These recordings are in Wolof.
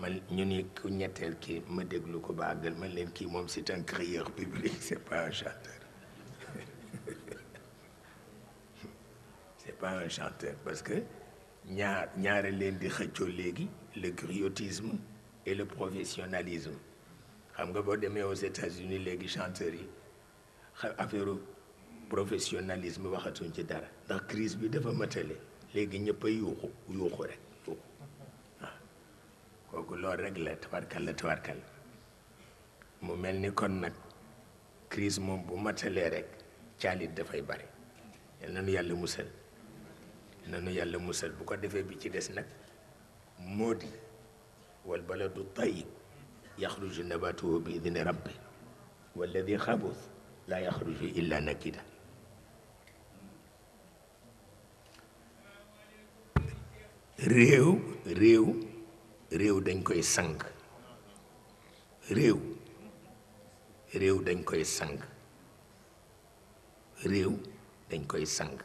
man ñu ni ku ñetteel ki ma déglu ko ba man leen kii moom c'est un crieur public c'est pas un chanteur c'est pas un chanteur parce que ñaar ñaare leen di xëccoo léegi le griotisme et le professionnalisme xam nga boo demee aux États-Unis léegi chanteurs yi xam affaire professionnalisme waxatuñ ci dara ndax crise bi dafa matale léegi ñëpp a yuuxu yuuxu rek yuuxu كوكو لول رك لا تباركال لا تباركال مو ملني كون نك كريس موم بو ماتالي رك تياليت دا فاي باري يالنا نو يالا موسل يالنا نو يالا موسل بو كو ديفي بي تي ديس نك مودي والبلد الطيب يخرج نباته باذن ربه والذي خبث لا يخرج الا نكدا ريو ريو réew dañ koy sang réew réew dañ koy sang réew dañ koy sang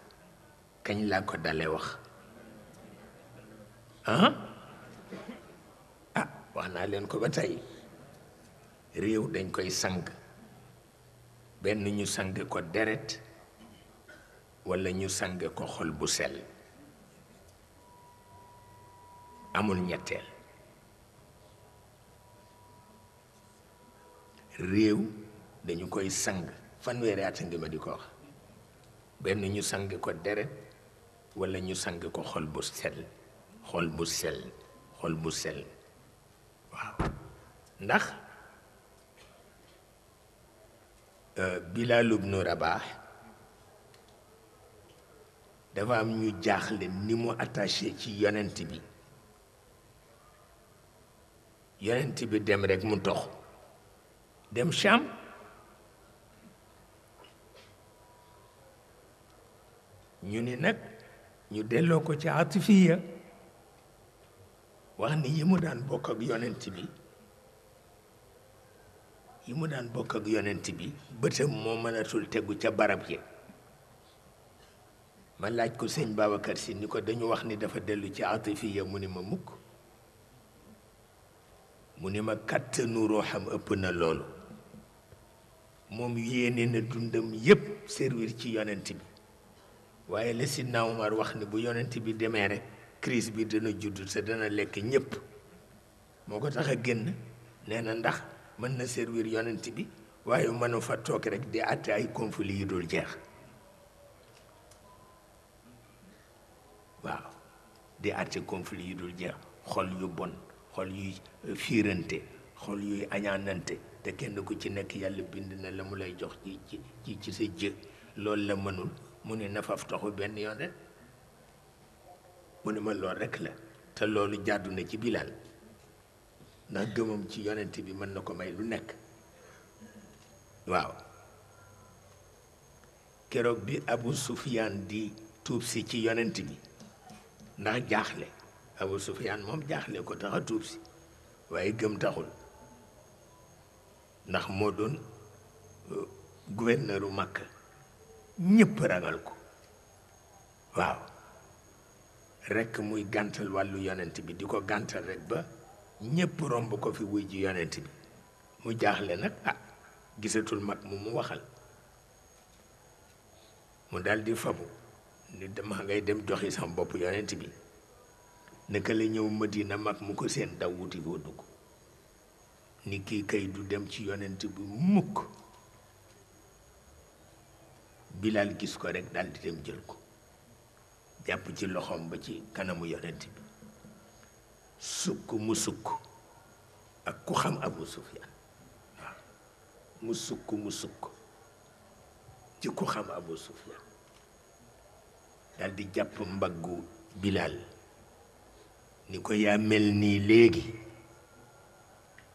kañ laa ko dale wax ah ah wax naa leen ko ba tey réew dañ koy sang benn ñu sange ko deret walla ñu sange ko xol bu sel amul ñetteel réew dañu koy sang fanweeri at ngi ma di ko wax benn ñu sang ko deret walla ñu sang ko xol bu sell xol bu sell xol bu sell waaw ndax euh, Bilaal ibnu Rabaah dafa am ñu jaaxle ni mu attaché ci yonent bi yonent bi dem rekk mu tox dem Cham ñu ni nag ñu delloo ko ci atifiya wax ni yi mu daan bokk ak yonent bi daan bokk ak bi bëtam moo mënatul tegu ca barab yi ma laaj ko sëñ Babacar si ni ko dañu wax ni dafa dellu ci atifiya mu ni ma mukk mu ni ma kàttanu xam ëpp na loolu moom yéene na dundam yépp serwiir ci yonent bi waaye la Sidna Omar wax ni bu yonent bi demee rek crise bi dana judd te dana lekk ñépp moo ko tax a génn nee na ndax mën na serwiir yonent bi waaye mënu fa toog rek di àtte ay conflits yu dul jeex waaw di àtte conflits yu dul jeex xol yu bon xol yuy fiirante xol yuy añaanante te kenn ku ci nekk yàlla bind na la mu lay jox ci ci sa jë loolu la mënul mu ne nafaf taxu benn yoon rek mu ne ma lool rekk la te loolu jàddu na ci Bilaal ndax gëmam ci yonent bi mën na ko may lu nekk waaw keroog bi Abu Sufyaan di tuub si ci yonent bi ndax jaaxle Abu Sufyaan moom jaaxle ko tax a tuub si waaye gëm taxul ndax moo doon euh, gouverneuru Makka ñëpp ragal ko waaw rekk muy gàntal wàllu yonent bi di ko gàntal rek ba ñépp romb ko fi wuy ji yonent bi mu jaaxle nag ah gisatul mag mu mu waxal mu daldi fabu ni dama ngay dem joxi sama bopp yonent bi naka la ñëw Madina mag mu ko seen daw wuti koo dugg ni kii kay du dem ci yonent bi mukk bilaal gis ko rek daldi dem jël ko jàpp ci loxoom ba ci kanamu yonent bi sukk mu sukk ak ku xam Abu Sufyaan waaw mu sukk mu sukk ci ku xam Abu Sufyaan daal jàpp mbaggu bilaal ni ko yaa mel nii léegi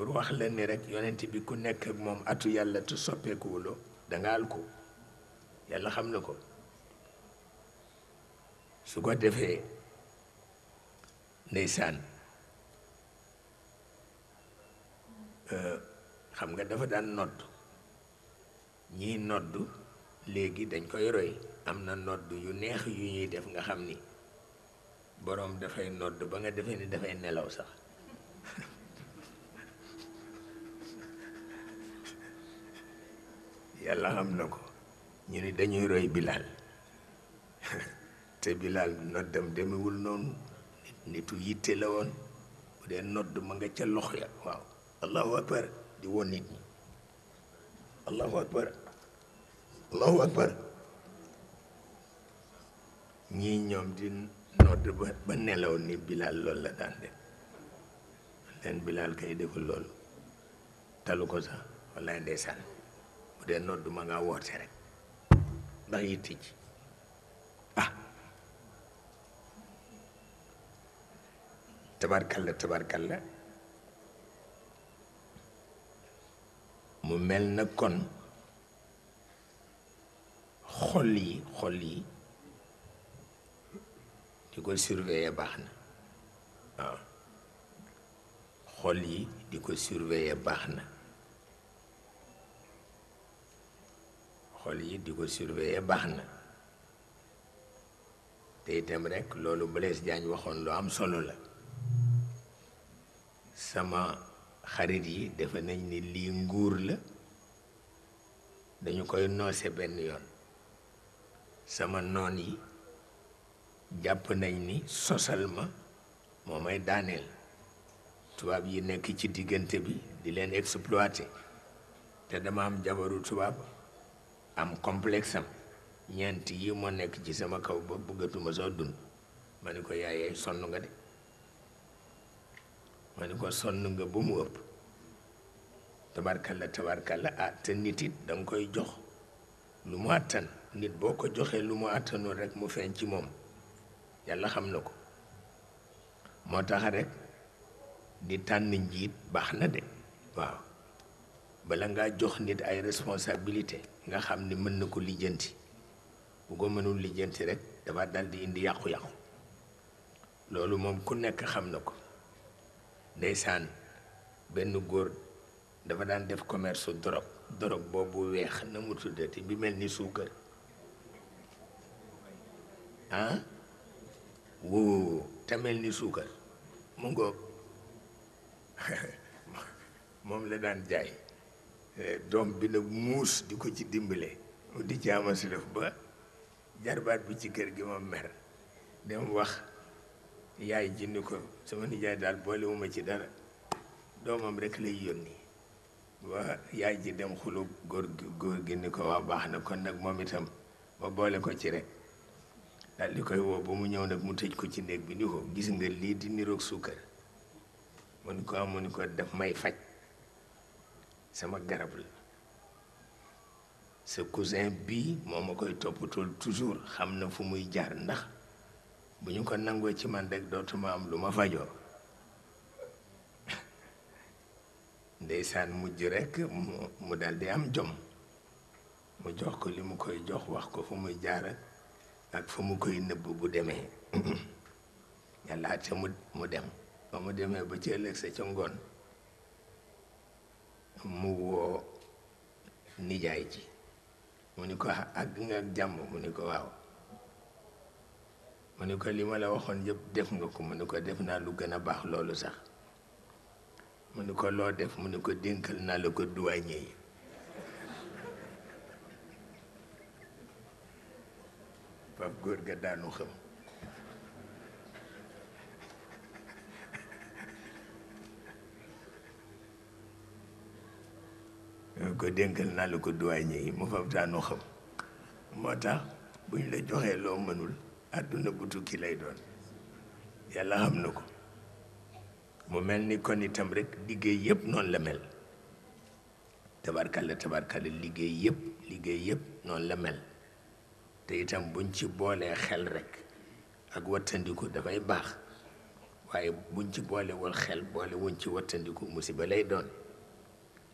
pour wax la ni rek yonent bi ku nekk moom atu yàlla te soppeekuwuloo danga al ko yàlla xam na ko su ko defee ndeysaan euh, xam nga dafa daan nodd ñi nodd léegi dañ koy roy am na nodd yu neex yu ñuy def nga xam ni boroom dafay nodd ba nga defee ni dafay nelaw sax yàlla xam na ko ñu ni dañuy roy bilaal te bilaal noddam demewul noonu nit nitu yitte la woon bu dee nodd ma nga ca loxo ya waaw allahu akbar di woon nit ñi allahu akbar allahu akbar ñii ñoom di nodd ba ba nelaw ni bilaal loolu la daan leen bilaal kay deful loolu talu ko sax wallaay ndeysaan bu dee nodd ma ngaa woote rek ndax yi tijj ah tabarkalla tabarkalla mu mel na kon xol yi xol yi di ko surveiller baax na waaw ah. xol yi di ko surveiller baax na xol yi di ko surveiller baax na te itam rekk loolu Blaise Diagne waxoon lu am solo la sama xarit yi defe nañ ni lii nguur la dañu koy noose benn yoon sama noon yi jàpp nañ ni sosal ma moo may daaneel tubaab yi nekk ci diggante bi di leen exploité te dama am jabaru tubaab am complexe ñeent yi moo nekk ci sama kaw ba bëggatuma soo dund ma ni ko yaay sonn nga de ma ni ko sonn nga ba mu ëpp tabarkalla tabarkalla ah te nit it da koy jox lu mu àttan nit boo ko joxee lu mu àttanul rek mu feeñ ci moom yàlla xam na ko moo tax rek di tànn njiit baax na de waaw bala ngaa jox nit ay responsabilité nga xam ni mën na ko lijjanti bu ko mënul lijjanti rek dafa dal di indi yàqu-yàqu loolu moom ku nekk xam na ko ndeysaan benn góor dafa daan def commerce su dorog dorog boobu weex na mu tuddati bi mel ni suukar ah woo te mel ni suukar mu ngoog moom la daan jaay Eh, doom bi nag muus di ko ci dimbale mu di ci amal lëf ba jarbaat bi ci kër gi ma mer dem wax yaay jënd ko sama nijaay daal boolewuma ci dara doomam rek lay yónni waa yaay ji dem xulu góor gi ni ko waa baax na kon nag moom itam ma boole ko ci rek daal di koy woo ba mu ñëw nag mu tëj ko ci néeg bi ni ko gis nga lii di niroog suukar mu ni ko am ni ko daf may faj sama garab la sa cousin bii moo ma koy toppatul toujours xam na fu muy jaar ndax bu ñu ko nangoo ci man rek dootuma am lu ma fajoo ndeysaan mujj rekk mu mu daldi am jom mu jox ko li mu koy jox wax ko fu muy jaar ak fu mu koy nëbb bu demee yàlla te mu mu dem ba mu demee ba ci ëllëg sa ca ngoon mu woo nijaay ji mu ni ko àgg nga jàmm mu ne ko waaw mu ne ko li ma la waxoon yépp def nga ko mu ni ko def naa lu gën a baax loolu sax mu ne ko loo def mu ne ko dénkal naa la ko duwaañe yi pap góor ga daanu xëm ko dénkal naa la ko doyen yi mu fab taanu xam moo tax bu ñu la joxee loo mënul àdduna bu ki lay doon yàlla xam na ko mu mel ni kon itam rekk liggéey yëpp noonu la mel tabarkalla liggéey yëpp liggéey yëpp noonu la te itam buñ ci boolee xel rekk ak wattandiku dafay baax waaye buñ ci boolewul xel boole wuñ ci wattandiku musiba lay doon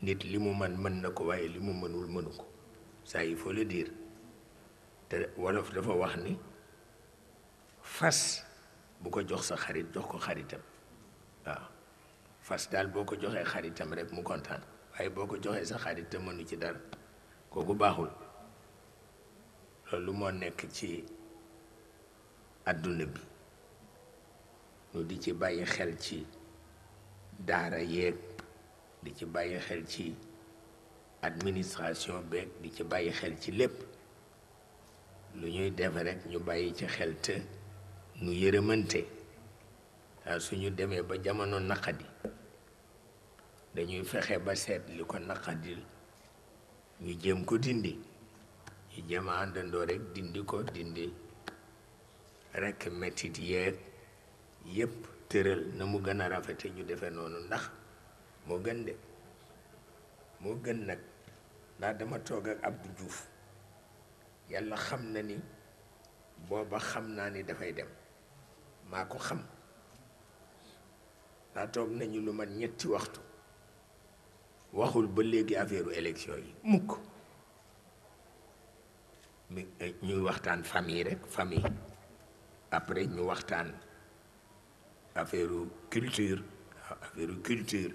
nit li mu man mën na ko waaye li mu mënul mënu ko ça il faut le dire te wolof dafa wax ni fas bu ko jox sa xarit jox ko xaritam waaw fas daal boo ko joxee xaritam rek mu kontaan waaye boo ko joxee sa xarit te mënu ci dara kooku baaxul loolu moo nekk ci àdduna bi ñu di ci bàyyi xel ci daara yeeg di ci bàyyi xel ci administration beeg di ci bàyyi xel ci lépp lu ñuy def rek ñu bàyyi ci xel te nu yërëmante saa suñu demee ba jamono naqadi dañuy fexe ba seet li ko naqadil ñu jëm ko dindi ñu jéem a àndandoo rek dindi ko dindi rek metit yeeg yépp tëral na mu gën a rafete ñu defe noonu ndax moo gën de moo gën nag ndax dama toog ak Abdou Diouf yàlla xam na ni booba xam naa ni dafay dem maa ko xam ndax toog nañu lu man ñetti waxtu waxul ba léegi affaire élection yi mukk eh, ñuy waxtaan famille rek famille après ñu waxtaan affaire culture affaire culture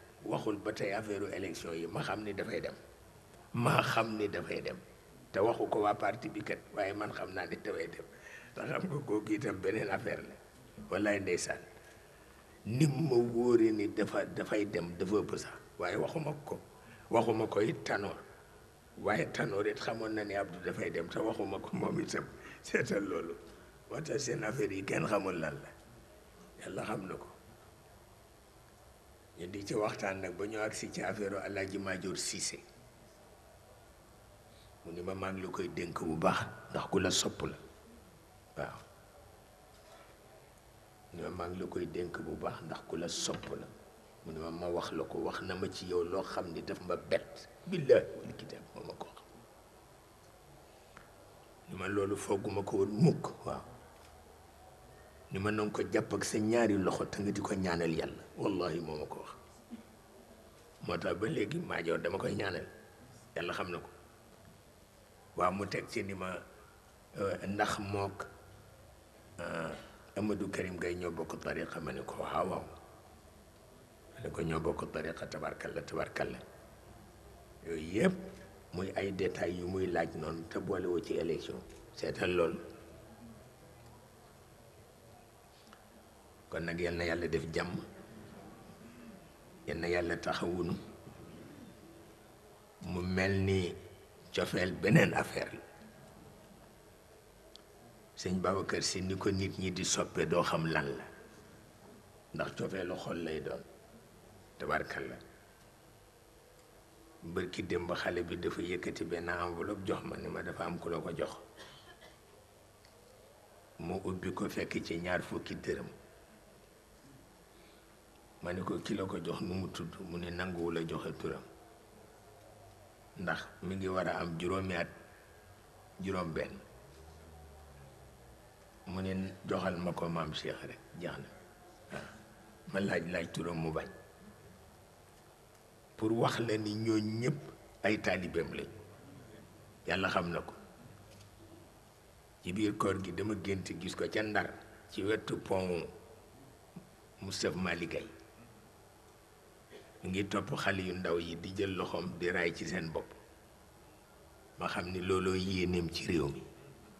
waxul ba tey affaire élection yi ma xam ni dafay dem ma xam ni dafay dem te waxu ko waa parti bi waaye man xam naa ni dafay dem ndax xam nga beneen affaire la wallaay ni ma wóoree ni dafa dafay dem dafa waaye waxuma ko waxuma ko it waaye tanoor it xamoon na ni Abdou dafay dem te waxuma ko moom itam seetal loolu waxtaan seen affaire yi kenn xamul lan la yàlla xam na ko. ñu di ci waxtaan nag ba ñu agsi ci affaire Alaaji Maajoor Siise mu ni ma maa ngi la koy dénk bu baax ndax ku la sopp la waaw mu ni ma maa ngi la koy dénk bu baax ndax ku la sopp la mu ni ma ma wax la ko wax na ma ci yow loo xam ni daf ma bett billaahi wal kitaab dem ma ko wax ni ma loolu fooguma ko woon mukk waaw ni ma nanga ko jàpp ak sa ñaari loxo te nga di ko ñaanal yàlla wallahi moo ma ko wax moo tax ba léegi maajoor dama koy ñaanal yàlla xam na ko waaw mu teg ci ni ma euh, ndax mook euh, Amadou Karim Gaye ñoo bokk tariqa ma ne ko waaw ñoo bokk tariqa tabarkalla tabarkalla yooyu yëpp muy ay détails yu muy laaj noonu te boolewoo ci élection seetal loolu kon nag yal na yàlla def jàmm yal na yàlla taxawunu mu mel ni cofeel beneen affaire la sëñ Babacar si ni ko nit ñi di soppe doo xam lan la ndax cofeelu xol lay doon tabarkalla bërki démb xale bi dafa yëkkati benn enveloppe jox ma ni ma dafa am ku la ko jox mu ubbi ko fekk ci ñaar fukki dërëm ma ni ko ki ko jox nu mu tudd mu ni nanguwul a joxe turam ndax mu ngi war a am juróomi at juróom benn mu ne joxal ma ko maam Cheikh rek jeex na waaw ma laaj laaj turam mu bañ pour wax la ni ñooñ ñépp ay taalibeem lañ yàlla xam na ko ci biir koor gi dama gént gis ko ca ndar ci wetu mu pont Moustapha liggéey mi ngi topp xale yu ndaw yi di jël loxoom di raay ci seen bopp ma xam ni looloo yéeneem ci réew mi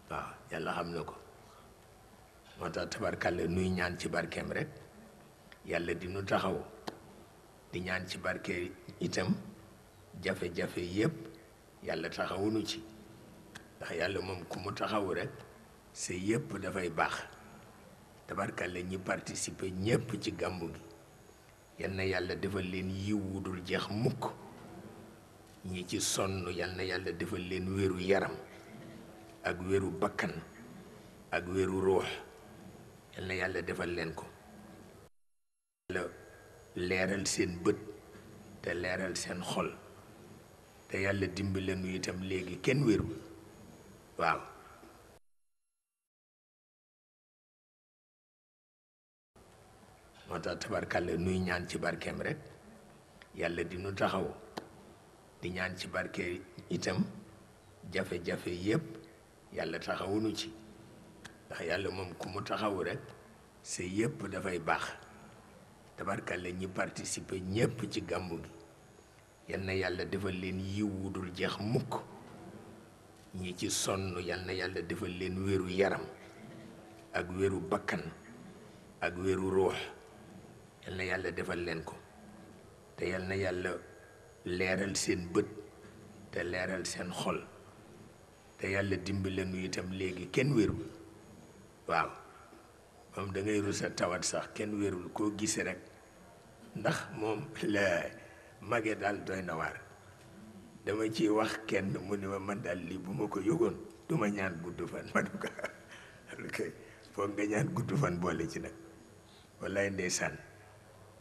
waaw yàlla xam na ko moo tax tabarkàlla nuy ñaan ci barkeem rek yàlla di nu taxaw di ñaan ci barke itam jafe-jafe yépp yàlla taxawunu ci ndax yàlla moom ku mu taxaw rek sa yépp dafay baax tabarkàlla ñi participer ñépp ci gàmmu gi yal yàlla defal leen yiw wu dul jeex mukk ñi ci sonn yal yàlla defal leen wéru yaram ak wéru bakkan ak wéru ruux yal yàlla defal leen ko yàlla leeral seen bët te leeral seen xol te yàlla dimbali leen itam léegi kenn wéru waaw moo tax tabarkàlla nuy ñaan ci barkeem rek yàlla di taxaw di ñaan ci barke itam jafe-jafe yépp yàlla taxawunu ci ndax yàlla moom ku mu taxaw rek sa yépp dafay baax tabarkàlla ñi participer ñépp ci gàmmu gi yal yàlla defal leen yiw wu dul jeex mukk ñi ci sonn yal yàlla defal leen wéru yaram ak wéru bakkan ak weeru ruux yal na yàlla defal leen ko te yal na yàlla leeral seen bët te leeral seen xol te yàlla dimbali nu itam léegi kenn wérul waaw moom da ngay rusa tawat sax kenn wérul koo gis rek ndax moom la mage daal doy na waar dama ci wax kenn mu ne ma man daal lii bu ma ko yógoon du ma ñaan gudd fan ma du ko foog nga ñaan gudd fan boole ci nag wallaay sànn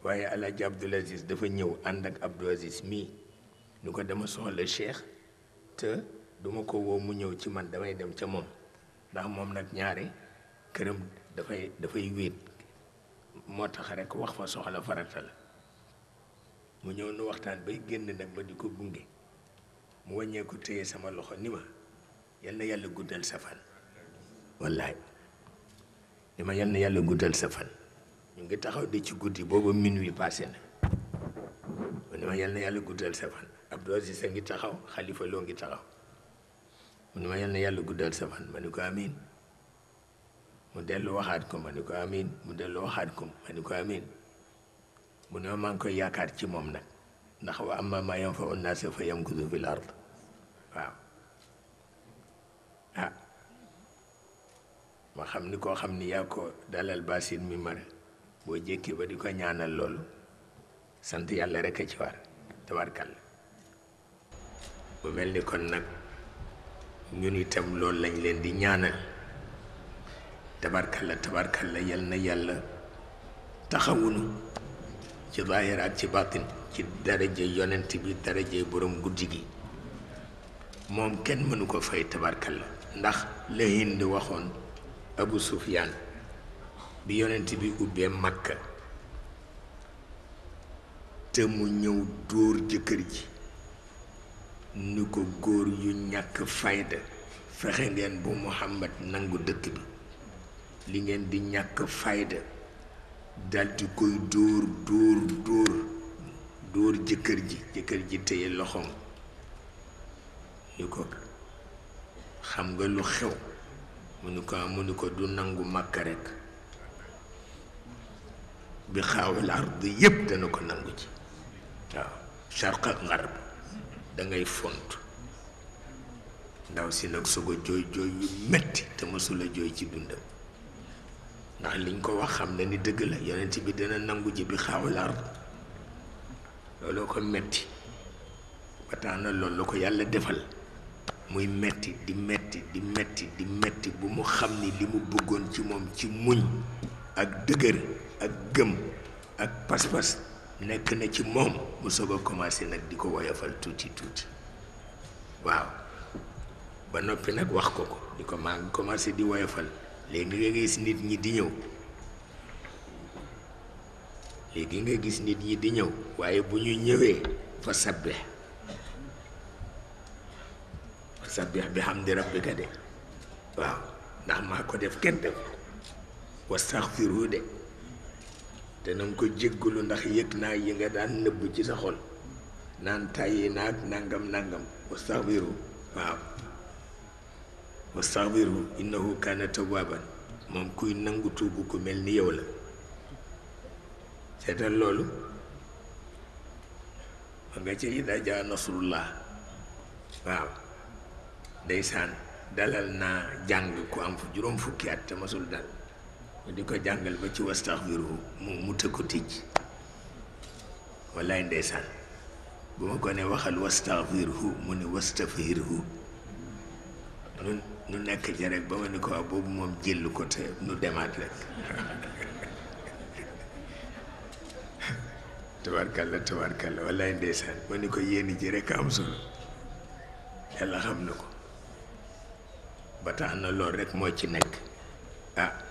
waaye alaaji Abdoul Aziz dafa ñëw ànd ak Abdou Aziz mii ñu ko dama soxla Cheikh te duma ko woo mu ñëw ci man damay dem ca moom ndax moom nag ñaare këram dafay dafay wéet moo tax rek wax fa soxla farata la mu ñëw nu waxtaan bay génn nag ma di ko gunge mu wàññeeku téye sama loxo ni ma yal na yàlla guddal sa fan wallaay ni ma yal na yàlla guddal sa fan ñu ngi taxaw di ci guddi booba minuit passé na mu ne ma yal na yàlla guddal sa fan Abdou Aziz sa ngi taxaw xalifa loo ngi taxaw mu ne ma yal yàlla guddal sa fan ma ni ko amiin mu waxaat ko ma mu dellu ko ma ni ne ma maa ngi koy yaakaar ci moom nag ndax wa am maa yanfa'u naasa fa yamkudu fil ard waaw ah ma xam ni koo xam ni yaa ko dalal basin mi mare bo jekke ba di ko ñaanal loolu sant yàlla rek ci war tabarkal bu mel ni kon nag ñun itam loolu lañ leen di ñaanal tabarkal tabarkal la yal na yàlla taxawunu ci zaahir ci baatin ci daraje yonent bi daraje borom guddi gi moom kenn mënu ko fay tabarkalla ndax la Hind waxoon Abu sufyan bi yonent bi ubbee makka te mu ñëw dóor jëkkër ji ni ko góor yu ñàkk fayda fexe ngeen bu muhammad nangu dëkk bi li ngeen di ñàkk fayda daldi koy dóor dóor dóor dóor jëkkër ji jëkkër ji téye loxoom ñu ko xam nga lu xew mu ni ko mu ni ko du nangu màkk rekk بخاو العرض يبدا نكون نغوتي آه، شرق غرب داغي فونت داو سي نك سوغو جوي جوي متي تا مسولا جوي سي دوندو نا نعم، لين كو واخ خامنا ني دغ لا يونتي يعني بي دنا نانغوجي بي خاو الارض لولو كو متي باتانا لول لوكو يالا ديفال موي متي دي متي دي متي دي متي بومو خامني لي مو بوغون سي موم سي موغ اك دغري ak gëm ak pas-pas nekk na ci moom mu soog a commencé nag di ko woyofal tuuti tuuti waaw ba noppi nag wax ko ko di ko maa ngi commencé di woyofal léegi nga gis nit ñi di ñëw léegi nga gis nit ñi di ñëw waaye bu ñu ñëwee fa sabbih fa sabbih bi hamdi rabbika de waaw ndax maa ko def kenn def wastaxfiru de te na ko jéggalu ndax yëg naa yi nga daan nëbb ci sa xol naan tàyyi naag nangam nangam wastaxfiru waaw wastaxfiru innahu kaana tawaaban moom kuy nangu tuubu ku mel ni yow la seetal loolu ma nga ca idaa jaa nasrullah waaw ndeysaan dalal naa jàng ku am fu juróom fukki at te masul dal di ko jàngal ba ci wastaxfiru mu mu tëkku tijj wallaay ndeysaan bu ma ko ne waxal wastaxfiruhu mu ne wastafirhu nu nu nekk ci rek ba ma ni ko wax boobu moom jël ko te nu demaat rek tabarkalla tabarkalla wallaay ndeysaan ma ni ko yéen ji rek am solo yàlla xam na ko ba tax na loolu rek moo ci nekk ah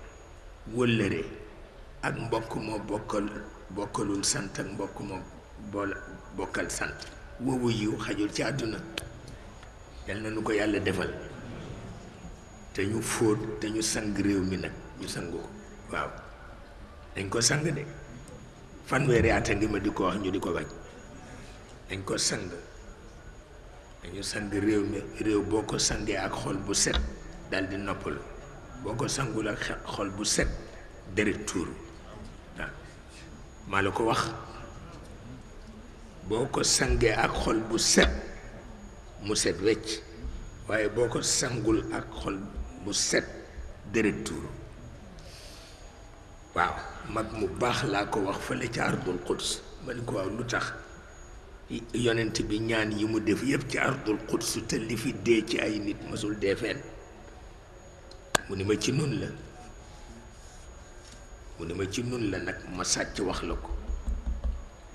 wëllëre ak mbokk moo bokkal bokkalul sant ak mbokk moo bool bokkal sant woowu yiw xajul ci àdduna yal na nu ko yàlla defal te ñu fóot dañu ñu sang réew mi nag ñu sangu ko waaw dañ ko sang de fanweeri at ngi ma di ko wax ñu di ko bañ dañ ko sang dañu sang réew mi réew boo ko sangee ak xol bu set dal di noppalu boko ko sangul ak xol bu set deret tuuru waaw wax boo ko ak xol bu set mu set wecc waaye boo sangul ak xol bu set deret tuuru waaw mag mu baax laa ko wax fële ca ardul quds ma ni ko waaw lu yonent bi ñaan yi mu def yëpp ci ardul quds te li fi dee ci ay nit mësul dee mu ne ma ci nun la mu ne ma ci nun la nag ma sàcc wax la ko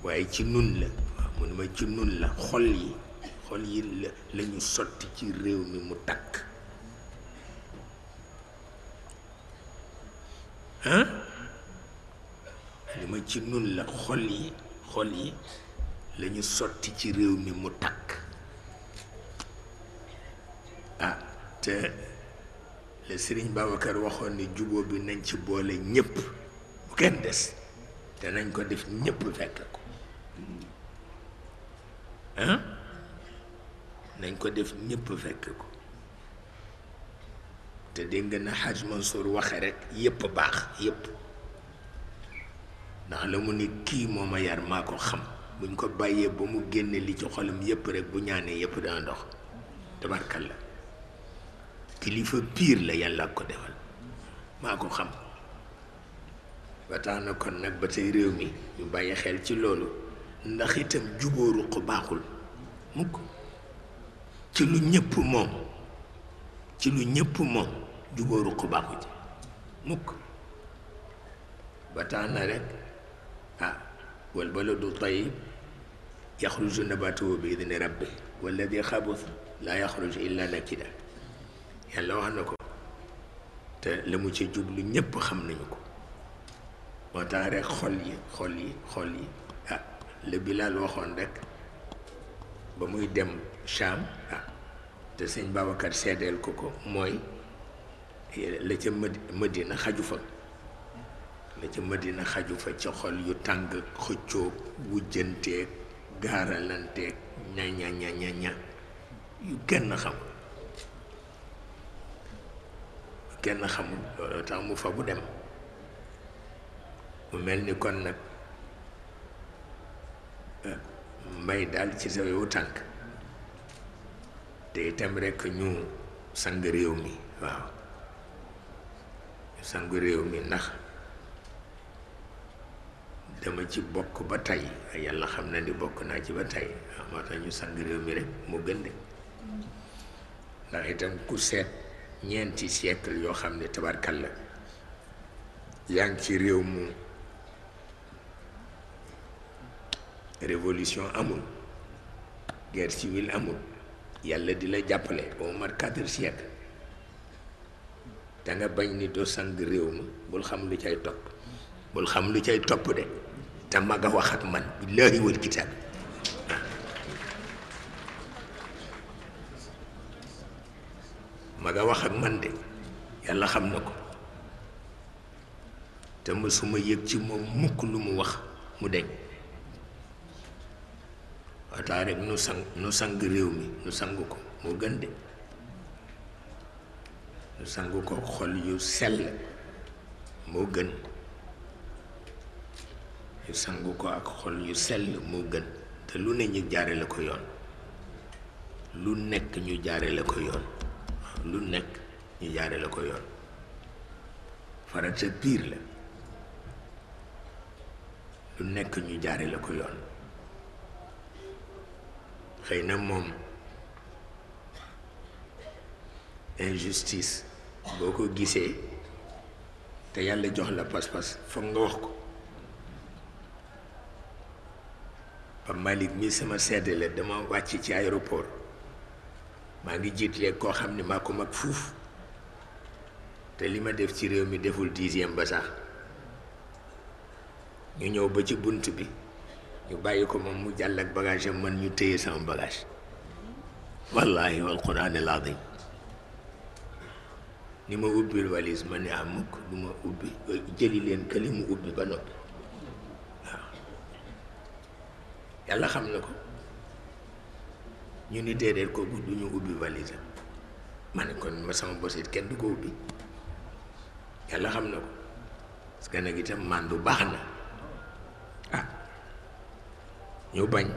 waaye ci nun la waaw mu ne ma ci nun la xol yi xol yi la lañu sotti ci réew mi mu takk ah ci nun la yi lañu sotti ci réew mi mu takk ah te la Serigne Babacar waxoon ni jubóo bi nañ ci boole ñépp bu kenn des te nañ ko def ñëpp fekk ko ah nañ ko def ñëpp fekk ko te dégg na Hadj Mansour waxe rek yépp baax yépp ndax la mu ni kii moo ma yar maa ko xam buñ ko bàyyee ba mu génne li ci xolam yëpp rek bu ñaanee yëpp dana dox la kilifa pire la yàlla ko defal mako xam watana kon nak ba tey réew mi yu baye xel ci lolu ndax itam juboru ko baxul muk ci lu ñëpp mom ci lu ñëpp mom juboru ko baxu ci muk ba rek ah wal baladu tayyib yaxruju nabatuhu bi idni rabbi walladi xabus laa yaxruju illa nakida yàlla wax na ko te la mu ci jublu ñépp xam nañu ko moo tax rek xol yi xol yi xol yi ah la Bilaal waxoon rekk ba muy dem Cham ah te sëñ Babacar seddeel ko ko mooy la ca Madina xaju fa la ca Madina xaju fa ci xol yu tàng xëccoog wujjanteeg gaaralanteeg ña ña ña ña ña yu kenn xam kenn xamul loolu tax mu fa bu dem mu mel ni kon nag eh, mbay daal ci sa tànk te itam rekk ñu sang réew mi waaw sang réew mi ndax dama ci bokk ba tey yàlla xam na ni bokk naa ci ba tey waaw moo tax ñu sang réew mi rek mu gën de ndax itam ku seet ñeenti siècle yoo xam ne tabarkalla yaa ngi ci réew mu révolution amul gert civile amul yàlla di la jàppale au moins quatre siècle da nga bañ ni doo sang réew ma bul xam lu cay topp bul xam lu cay topp de te mag a wax ak man billaahi wal kitaab ma wax ak man de yàlla xam na ko te ma suma yëg ci moom mukk lu mu wax mu deñ wataa rek nu sang nu sang réew mi nu sang ko moo gën de nu sang ko xol yu sell moo gën ñu sang ko ak xol yu sell moo gën te lu ne ñu jaare la ko yoon lu nekk ñu jaare la ko yoon lu nek ñu jaare la ko yoon farata piir la lu nek ñu jaare la ko yoon xëy na injustice boo ko gisee te yàlla jox la pas-pas foog nga wax ko ba malik mi sama dama wàcc ci aéroport maa ngi jiitlee koo xam ne maa ko mag fuuf te li ma def ci réew mi deful dixième ba sax ñu ñëw ba ci bunt bi ñu bàyyi ko moom mu jàll ak bagage man ñu téye sama bagage wallahi wal quraan al azim ni ma ubbil valise ma ne am mukk du ma ubbi jëli leen këli mu ubbi ba noppi waaw yàlla xam na ko ñu ni déedéet kooku du ñu ubbi valise ma kon ma sama bosit kenn du ko ubbi yàlla xam na ko parce que nag itam màndu baax na ah ñu bañ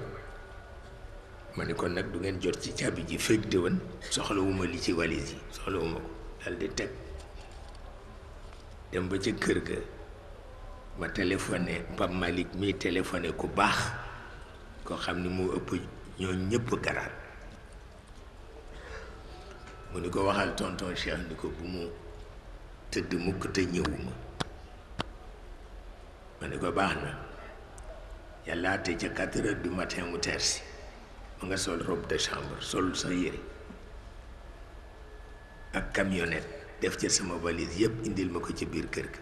ma ne kon nag du ngeen jot ci caabi ji fekk déwén soxlawuma li ci valise yi soxlawuma ko dal di teg dem ba ca kër ga ma téléphoné Pape Malick mii téléphoné ku baax koo xam ni moo ëpp ñoo ñëpp garaat mu ni ko waxal tonton Cheikh ni ko bu mu tëdd mukk te ñëwuma ma ni ko baax na yàlla te ca quatre heures du matin mu teer mu nga sol robe de chambre sol sa yére ak camionnette def ca sama valise yëpp indil ma ko ci biir kër gi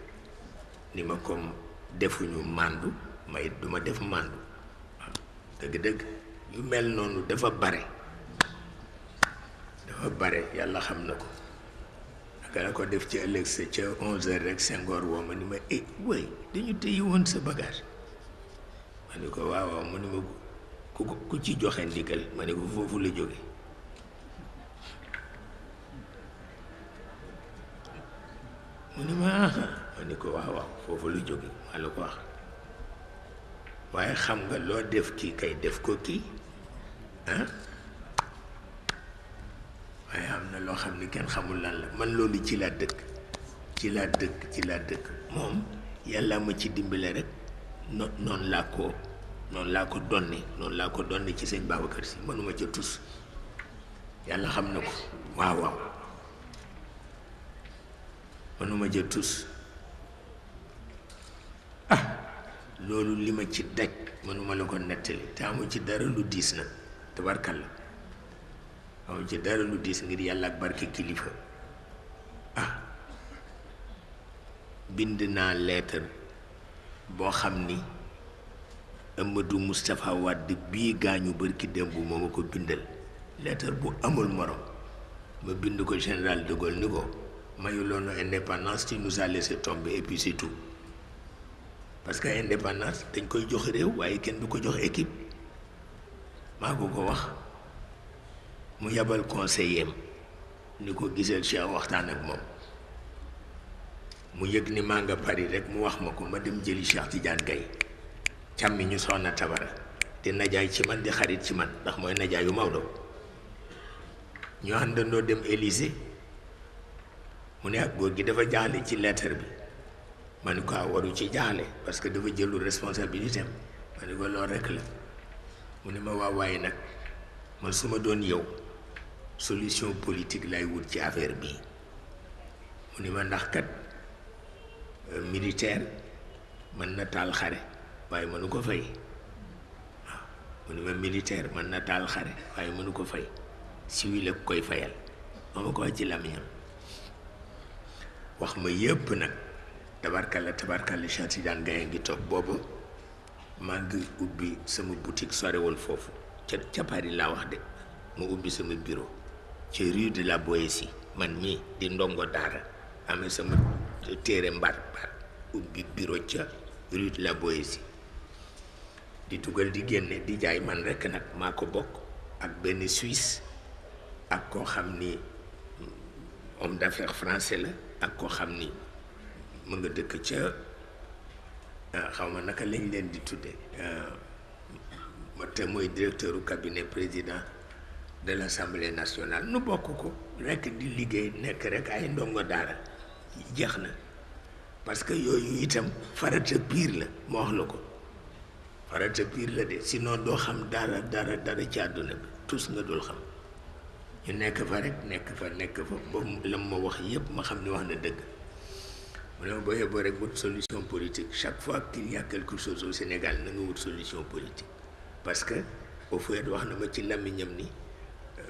ni ma ko defuñu màndu may duma def màndu dëgg-dëgg mel noonu dafa bare dafa bare yàlla xam na ko naka la ko def ci ëllëg sa ca onze heures rek Senghor woo ma ni ma eh way dañu téye woon sa bagage ma ni ko waaw mu ni ma ci joxe ndigal ma ni ko foofu mu ni ma aha ma ni foofu la jóge maa la ko wax waaye xam nga loo def kii kay def ko kii ah? waaye am na loo xam ni kenn xamul lan la man loolu ci laa dëkk ci laa dëkk ci laa dëkk moom yàlla ma ci dimbale rek no noonu laa ko noonu laa ko donni noonu laa ko donni ci sëñ Babacar si mënuma ca tus yàlla xam na ko waaw waaw mënuma ca tus ah loolu li ma ci daj mënuma la ko nettali te amu ci dara lu diis na tabarkal la amul ci dara lu diis ngir yàlla ak barke kilifa ah bind naa leetar boo xam ni Amadou Moustapha Wade bii gaañu barki démb moo ma ko bindal leetar bu amul morom ma bind ko général dogal Gaulle ni ko mayu loonu indépendance ci nous a laissé tomber parce que indépendance dañ koy jox réew waaye kenn du ko jox équipe maa ko ko wax mu yabal conseiller am ni ko gisal Cheikh waxtaan ak moom mu yëg ni maa nga Paris rek mu wax ma ko ma dem jëli Cheikh Tidiane Gaye càmmi ñu soxna tabara di najaay ci man di xarit ci man ndax mooy najaay yu Maodo ñu àndandoo dem Élysée mu ne ak góor gi dafa jaaxle ci lettre bi ma ne ko ah, waru ci jaaxle parce que dafa jëlul responsabilité am ma ne ko loolu rek la mu ne ma waaw waaye nag man su ma doon yow solution politik lay wut ci affaire bi mu ni ma ndax kat euh, militaire mën na taal xare waaye mënu ko fay waaw mu ni ma militaire mënu ko fay civil koy fayal ma ma ko wax ci lamiñam wax ma yëpp nag tabarkalla tabarkalla Cheikh Tidiane Gaye ngi toog boobu maa ngi ubbi sama boutique sorewul foofu ca ca Paris laa wax de mu ubbi sama bureau ci rue de la Boétie man mii di ndongo daara amee sama téere mbar mbar ubbi bureau ca rue la Boétie di dugal di génne di jaay man rekk nag maa ko bokk ak benn Suisse ak koo xam ni homme d'affaires français la ak koo xam ni mu nga dëkk ca euh, xaw ma naka lañ leen di tudde euh, te mooy directeur u président de l' assemblée nationale nu bokk ko rekk di liggéey nekk rek ay ndongo daara jeex na parce que yooyu itam farata piir la ma wax la ko farata piir la de sinon doo xam dara dara dara ci àdduna bi tus nga dul xam ñu nekk fa rek nekk fa nekk fa ba la ma wax yépp ma xam ni wax na dëgg mu ne ma boo rek wut solution politique chaque fois qu'il y a quelque chose au Sénégal na nga wut solution politique parce que au fait wax na ma ci làmmiñam ni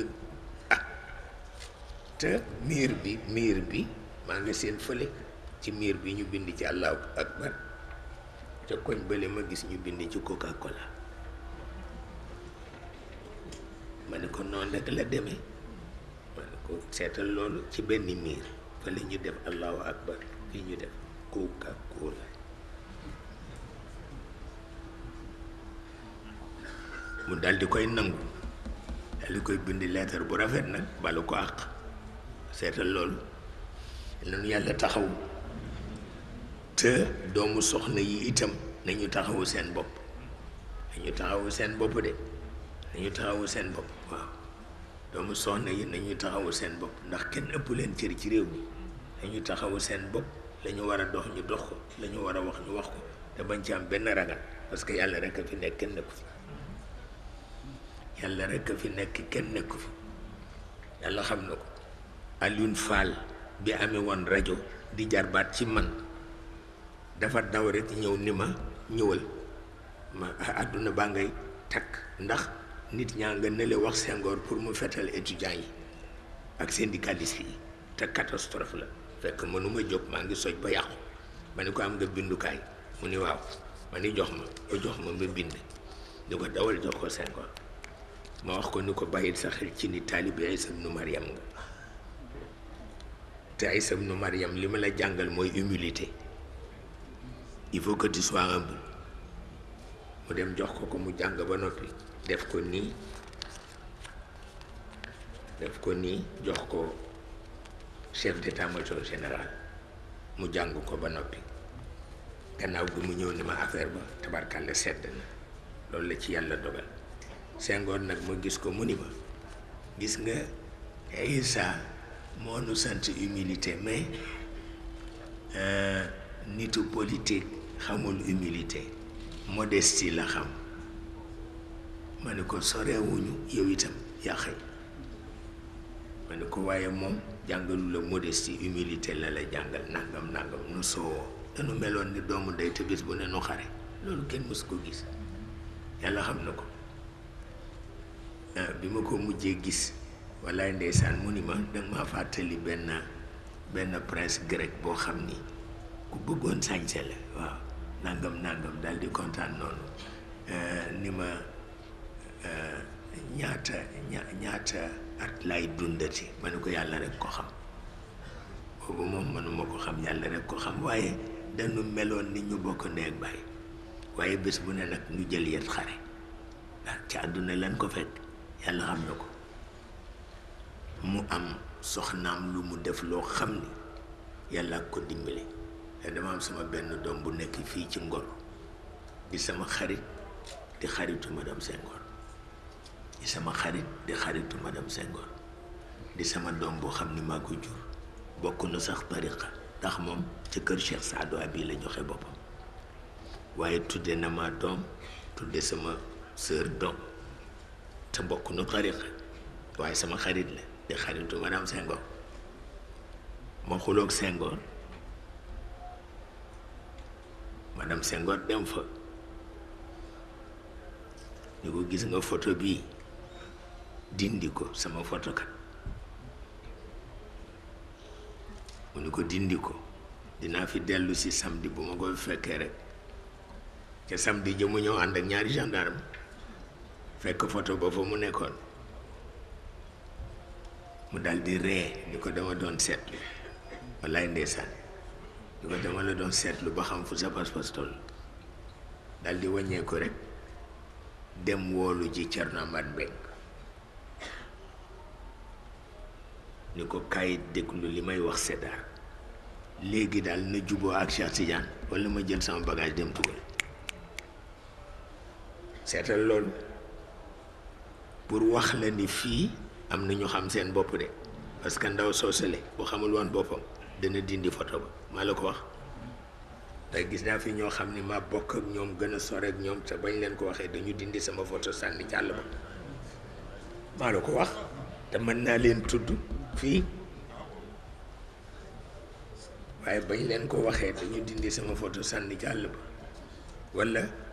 dëgg te miir bi miir bi maa ngi seen fële ci miir bi ñu bind ci allahu akbar ca koñ bële ma gis ñu bind ci coca cola ma ne ko noonu rek la demee ma ne ko seetal loolu ci benn miir fële ñu def allahu akbar fii ñu def coca cola mu daal koy nangu li koy bindi leetar bu rafet nag balu ko àq seetal loolu lanu yàlla taxaw te doomu soxna yi itam nañu taxawu seen bopp nañu taxawu seen bopp de nañu taxawu seen bopp waaw doomu soxna yi nañu taxawu seen bopp ndax kenn ëpp leen cër ci réew mi nañu taxawu seen bopp la ñu war a dox ñu dox ko la ñu war a wax ñu wax ko te bañ ci am benn ragal parce que yàlla rek a fi nekk kenn nekku fi yàlla rekk fi nekk kenn nekku fi yàlla xam na ko Alioune Fall bi amee woon rajo di jarbaat ci man dafa daw rek ñëw ni ma ñëwal ma àdduna baa ngay takk ndax nit ñaa nga nele wax sengoor pour mu fetal étudiants yi ak syndicalistes yi te catastrophe la fekk mënuma jóg maa ngi soj ba yàqu ba ne ko am nga bindukaay mu ni waaw ma ni jox ma ba jox ma ma bind di ko dawal jox ko Senghor ma wax ko ni ko bàyyil sa xel ci ni taalibi Isa ibnu Maryam nga te Isa ibnu Maryam li ma la jàngal mooy humilité il faut que tu sois humble mu dem jox ko ko mu jàng ba noppi def ko nii def ko nii jox ko chef d'état-major général mu jàng ko ba noppi gannaaw bi mu ñëw ni ma affaire ba tabarkàlla sedd na loolu la ci yàlla dogal Senghor nag ma gis ko mu ni gis nga Isa mo nu sant humilité mais euh nitu politique xamul humilité modestie la xam ma ne ko sorewuñu yow itam ya xëy ma ne ko waaye moom jàngalu la modestie humilité la la jangal nangam nangam nu soowoo dañu melone ni doomu ndey te bis bu ne nu xare loolu kenn mës ko gis yàlla xam na ko Euh, bi ma ko mujjee gis walaay ndeysaan mu ni ma danga ma fàttali benn benn prince grec boo xam ni ku bëggoon sañse la waaw nangam nangam daal di kontaan noonu euh, ni ma euh, ñaata ñaata at lay dundati ma ne ko yàlla rek ko xam boobu moom mënuma ko xam yàlla rek ko xam waaye dañu meloon ni ñu bokk ndee ak bàyyi waaye bés bu ne nag ñu jël yet xare ndax àdduna lan ko fekk yàlla xam na ko mu am soxnaam lu mu def loo xam ni yàlla ak ko dimbali te dama am sama benn doom bu nekk fii ci ngol di sama xarit di xaritu ma dem di sama xarit di xaritu madame Senghor di sama doom boo xam ni maa ko jur bokk na sax tariqa ndax moom ci kër Cheikh Saadu Abi la joxe boppam waaye tudde na ma doom tudde sama sœur doom te bokk nu tariqa waaye sama xarit la di xaritu madame Senghor moo xuloog Senghor madame Senghor dem fa ñu ko gis nga photo bii dindi ko sama photo kat mu ni ko dindi ko dinaa fi dellu si samedi bu ma koy fekkee rek te samedi jëmu ñëw ànd ak ñaari gendarme fekk photo ba fa mu nekkoon mu daal di ree ni ko dama doon seetlu wallaay ndeysaan doon seetlu ba xam fu sa pas-pas toll di wàññeeku rek dem woolu ji Thierno Amath Mbengue ko kayit déglu li may wax seddaar léegi daal na juboo ak Cheikh Tidiane ma jël sama bagage dem tugal seetal loolu pour wax la ni fii am na ñu xam seen bopp de parce ndaw soo sële bu xamul woon boppam dana dindi photo ba maa la ko wax ndax gis naa fi ñoo xam ni ma bokk ak ñoom gën a sore ak ñoom te bañ leen ko waxee dañu dindi sama photo sànni jàll ba maa la ko wax te mën naa leen tudd fii waaye bañ leen ko waxee dañu dindi sama photo sànni jàll ba walla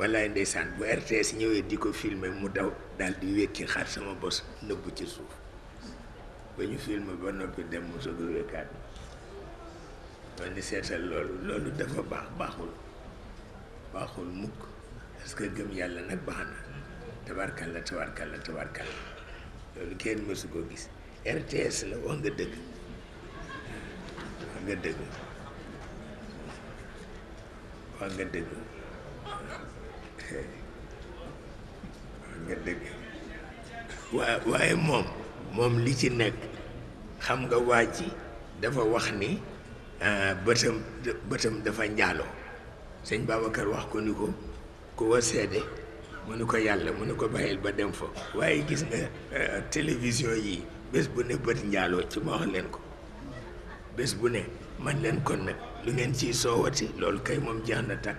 wallaay ndeysaan bu RTS ñëwee di ko filmé mu daw daal di wékki xaar sama bos nëbbu ci suuf ba ñu filmé ba noppi dem mu soog a wékkaat ma ni seetal loolu loolu dafa baax baaxul baaxul mukk parce que gëm yàlla nag baax na tabarkalla tabarkalla tabarkalla loolu kenn mësu ko gis RTS la wax nga dëgg wax nga dëgg wax nga dëgg. nga waa waaye moom moom li ci nekk xam nga waa ji dafa wax ni ah, bëtam bëtam dafa njaaloo sëñ Babacar wax ko ni ko ku war seede mu ni ko yàlla mu ne ko bàyyil ba dem fa waaye gis nga ah, télévision yi bés bu ne bët njaaloo ci ma wax leen ko bés bu ne man leen kon nag lu ngeen ciy soowati loolu kay moom jeex na tàkk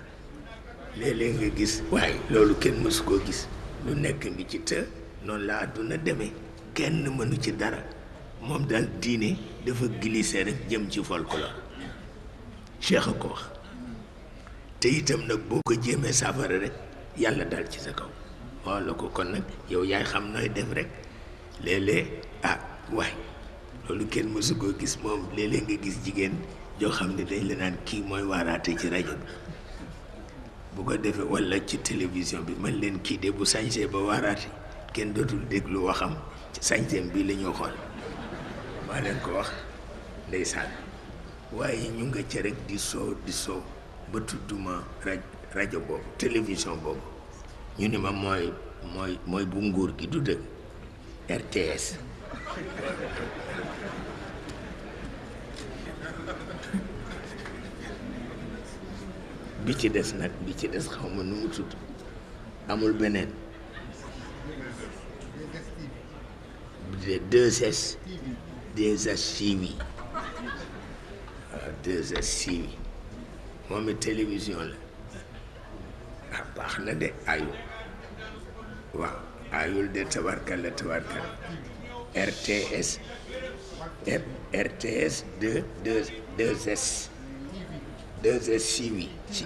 léeg-léeg nga gis waaye loolu kenn mësu koo gis lu nekk ngi ci të noonu la àdduna deme kenn mënu ci dara moom daal diine dafa gilise rek jëm ci folklore cheikh a ko wax te itam nag boo ko jéemee saafara rek yàlla daal ci sa kaw waaw la ko kon nag yow yaay xam nooy def rekk léeg-léeg ah waay loolu kenn mësu koo gis moom léeg-léeg nga gis jigéen joo xam ne dañ la naan kii mooy waaraate ci rajo bi bu ko defee walla ci télévision bi man leen kii de bu sañsee ba waaraate kenn dootul déglu waxam ci sañseem bi la ñuy xool maa leen ko wax ndeysaan waaye ñu nga ca rek di soow di soow ba tudduma raj rajo boobu télévision boobu ñu ni ma mooy mooy bu nguur gi du dëgg RTS bi ci des nous bi des amul deux S des s ah, deux S, deux S. Moi, ma télévision la ah, de ayul Wa, de RTS RTS deux deux deux S 2STV ci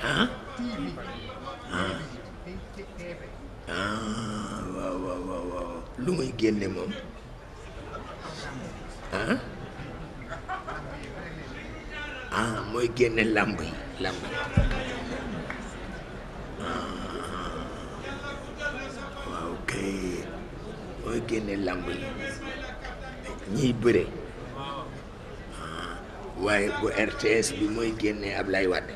ah ah ah waaw waaw waaw lu muy génne moom ah ah mooy génne làmb yi làmb yi ah, waaw kay mooy génne làmb yi ñiy bëre. waye bu RTS bi moy genné ablay Wade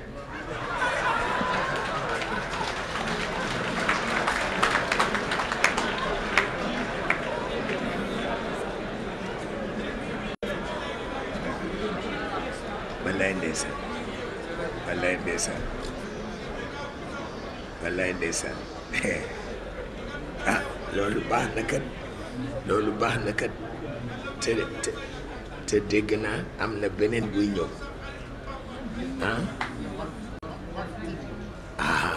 balay ndessa balay ndessa balay ndessa ah lolou baax na kat loolu baax na kat te dégg naa am na beneen buy ñëw ah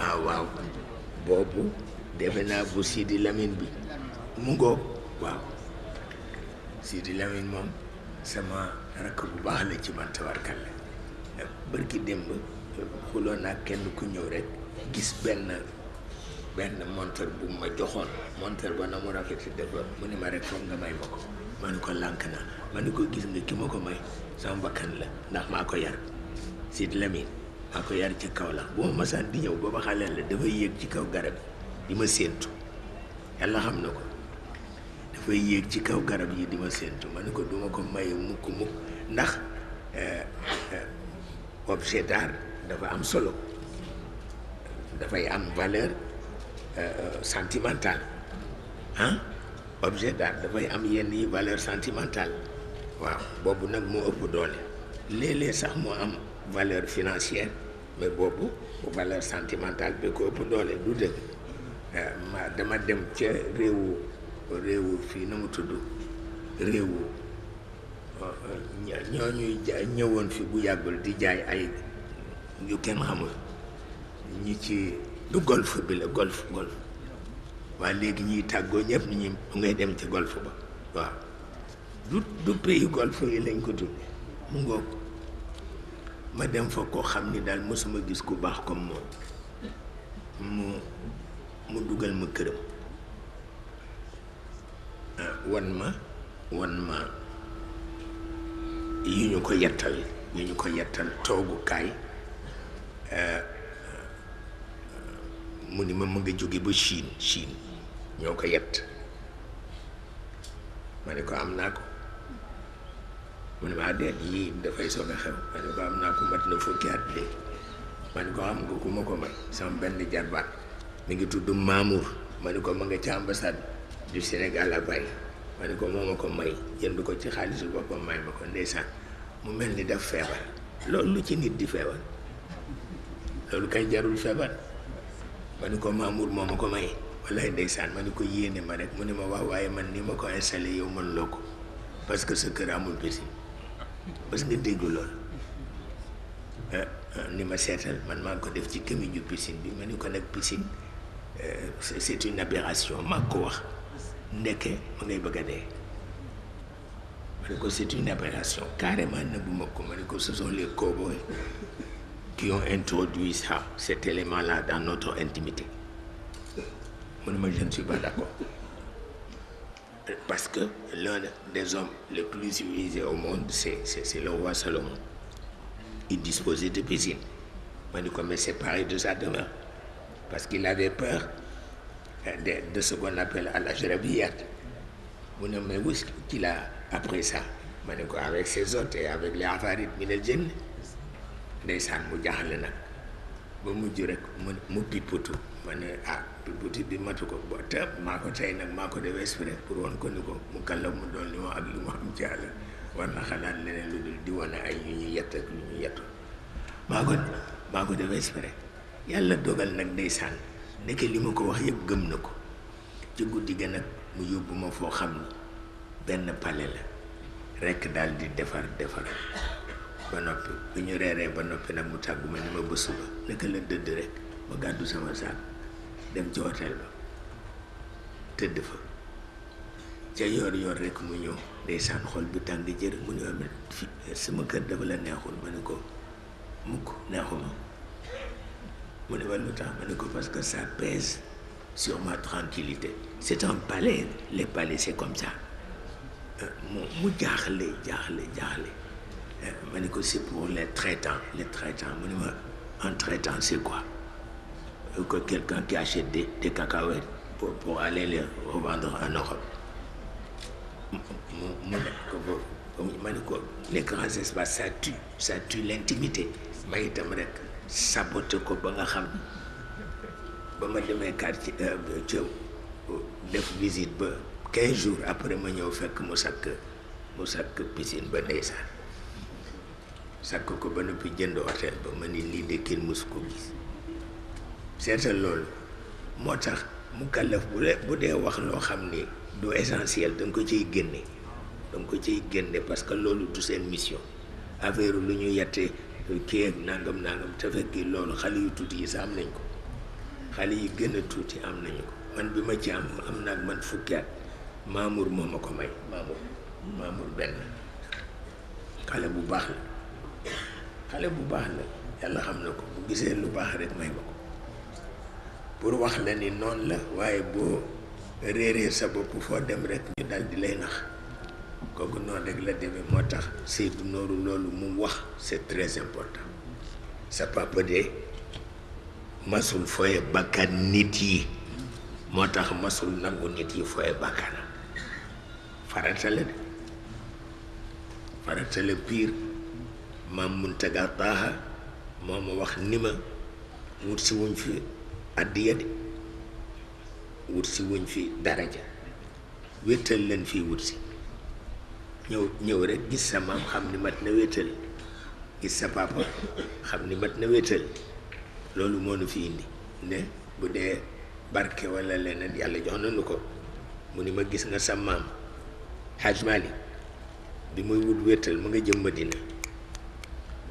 ah waaw boobu defe naa bu Sidi Lamine bi mu ngoo waaw Sidi Lamine moom sama rakk bu baax la ci man tabarkal la bërki démb xuloo naa kenn ku ñëw rek gis benn benn monteur bu ma joxoon monteur ba na mu rafet si def mu ni ma rek foog nga may ma ko ma ko lànk na ma ko gis ni ki ma ko may sama bakkan la ndax maa ko yar Sid Lamine maa ko yar ci kaw la bu ma masaan di ñëw ba ma xaleel la dafay yéeg ci kaw garab di ma séentu yàlla xam na ko dafay yéeg ci kaw garab yi di ma séentu ma ne ko duma ko may mukk mukk ndax eh, eh, objet d'art dafa am solo dafay am valeur eh, sentimentale ah objet d'art dafay am yenn valeur sentimentale waaw boobu nag moo valeur financière mais boobu valeur sentimentale bi ko ëpp doole du dëgg euh, ma dama dem na euh, du golf bi golf golf waa léegi ñuy tàggoo ñëpp ñi mu ngay dem ci golf ba waaw du du pays golf yi lañ ko tudde mu ngoog ma dem fa koo xam ni daal mosuma gis ku baax comme moom mu mu dugal ma këram euh, wan ma wan ma yi ñu ko yettal yi ñu ko yettal toogukaay euh, euh, mu ni ma mu nga jóge ba Chine Chine ñoo ko yett ma ne ko am naa ko mu ne maa ah, deet yii dafay soog a xew ma ne ko am naa ko mat na fukki at léegi ma ne ko xam nga ku ma ko may sama benn jarbaat mi ngi tudd Mamour ma ne ko ma nga ci ambassade du Sénégal ak Baye ma ne ko moo ma ko may jënd ko ci xaalisu boppam may ma ko ndeysaan mu mel ni daf feebar loolu lu ci nit di feebar loolu kay jarul feebar ma ne ko Mamour moo ma ko may wallaay ndeysaan ma ne ko yéene ma rek mu ne ma wax waaye man ni ma ko installé yow man loo ko parce que sa kër amul piscine parce que dégg loolu euh, euh, ni ma seetal man maa ko def ci commune ju piscine bi ma ne ko nag piscine euh, c'est une aberration maa ko wax ndekke mu ngay bëgg a dee ma ne ko c'est une aberration carrément nëbbu ma ko ma ne ko ce sont les cowboys qui ont introduit ça cet élément là dans notre intimité je ne suis pas d'accord. Parce que l'un des hommes les plus civilisés au monde, c'est le roi Salomon. Il disposait de prison. Moi, nous me séparer de ça demain. Parce qu'il avait peur euh, de, de ce qu'on appelle à la jérabillade. Vous mais où qu'il a appris ça Avec ses hôtes et avec les avarites, il a mu jaaxle nag ba mujj rek mu mu pipputu ma bi boutique bi matu ko ba maa ko tey nag maa ko def exprès pour wan ko ni ko mu kàllam mu doon li ma ak lu mu am ci àll war na xalaat leneen lu dul di wone ay yu ñu yett ak yu ñu yettu maa ko maa ko def exprès yàlla dogal nag ndeysaan nekk li ma ko wax yëpp gëm na ko ci guddi ga nag mu yóbbu ma foo xam ni benn pale la rekk dal di defar defar ba noppi bu ñu reeree ba noppi nag mu tàggu ma ni ma bës ba naka la dëdd rek ma gàddu sama saak dem ci hôtel ba tëdd fa ca yor yor rek mu ñëw ndeysaan xol bi tàng jër mu ne amee sama kër dafa la neexul ma ne ko mukk neexuma mu ne ma lu tax ma ne ko parce que ça pèse sur ma tranquillité c'est un palais les palais c'est comme ça mu mu jaaxle jaaxle jaaxle euh, ma ne ko c'est pour les traitants les traitants mu ne ma un traitant c'est quoi euh, que quelqu'un qui achète des, des cacahuètes pour, pour, aller les revendre en Europe. Comme il ko les grands espaces ça tue ça tue l'intimité ma itam rek sabote ko ba nga xam ba ma demee quartier euh, ci euh, de visite ba quinze jours après ma ñëw fekk mu sakk mu sakk piscine ba ndeysaan sakk ko ba noppi jënd hôtel ba ma ni lii de kenn mësu ko gis seetal loolu moo tax mu kàllaf bu dee bu dee wax loo xam ni du essentiel da ko ciy génne da nga ko ci génne parce que loolu du seen mission affaire lu ñu yette kii ak nangam nangam te fekk loolu xale yu tuuti yi sa am nañ ko xale yi gën a tuuti am nañu ko man bi ma ci am am naa man fukki at Mamour moo ma ko may Mamour Mamour benn xale bu baax la xale bu baax la yàlla xam na ko bu gisee lu baax rek may ma ko pour wax la ni noonu la waaye bo réeree sa bopp foo dem rek ñu dal di lay nax kooku noonu rek la demee moo tax Seydou Nourou loolu mu wax c'est très important sa papa de masul fooye bakkan nit yi moo tax masul nangu nit yi fooye bakkanam farata la de farata la pire maam Muntaga Taaha moo ma wax ni ma wut si wuñ fi àddiya de wut si wuñ fi daraja wéttal leen fii wut si ñëw ñëw rek gis sa maam xam ni mat na wéttal gis sa papa xam ni mat na wéttal loolu moo nu fi indi ne bu dee barke walla leneen yàlla jox na nu ko mu ni ma gis nga sa maam Hajj bi muy wut wéttal mu nga jëm Madina